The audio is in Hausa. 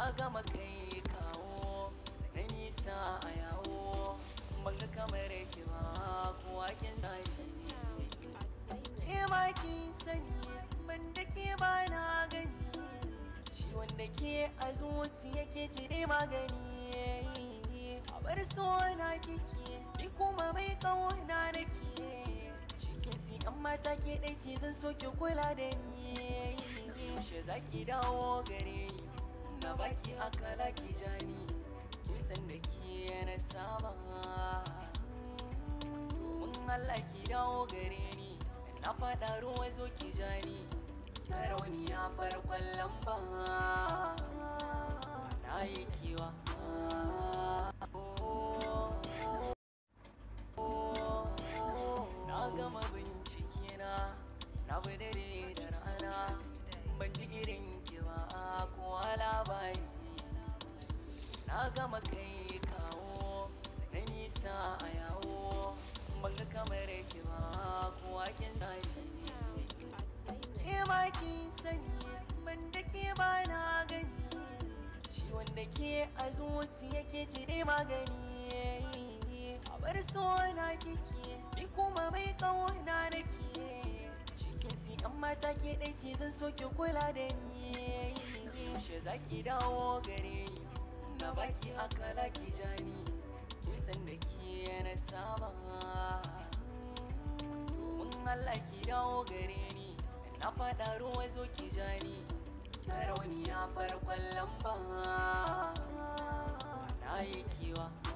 ka gama kai kawo na nisa a yawo baka kamar ki ba kowa kin dani ma ki sani ban da ke ba na gani shi wanda ke a zuciya ke cire magani a bar sona kike ni kuma mai kauna nake cikin si yan mata ke ɗai ce zan so ki kula da ni yaushe za ki dawo gare ni na baki akala ki jani kisan da ke na saba Allah ki dawo gare ni na faɗa ruwa zo ki jani sarauniya farkon lamba na yi kiwa na gama bincike na na dare da rana ban ji irin na gama kai kawo na nisa a yawo banga kamar ki ba kowa kin gani ke ba ki sani ban da ke ba na gani shi wanda ke a zuciya yake cire magani a bar na kike ni kuma mai kauna nake shi kin si amma take dai ce zan so ki kula da ni yaushe za ki dawo gare ni na baki akala ki jani kin san da ki na saba mun Allah ki dawo gare ni na faɗa ruwa zo ki jani sarauniya farkon lamba na yi kiwa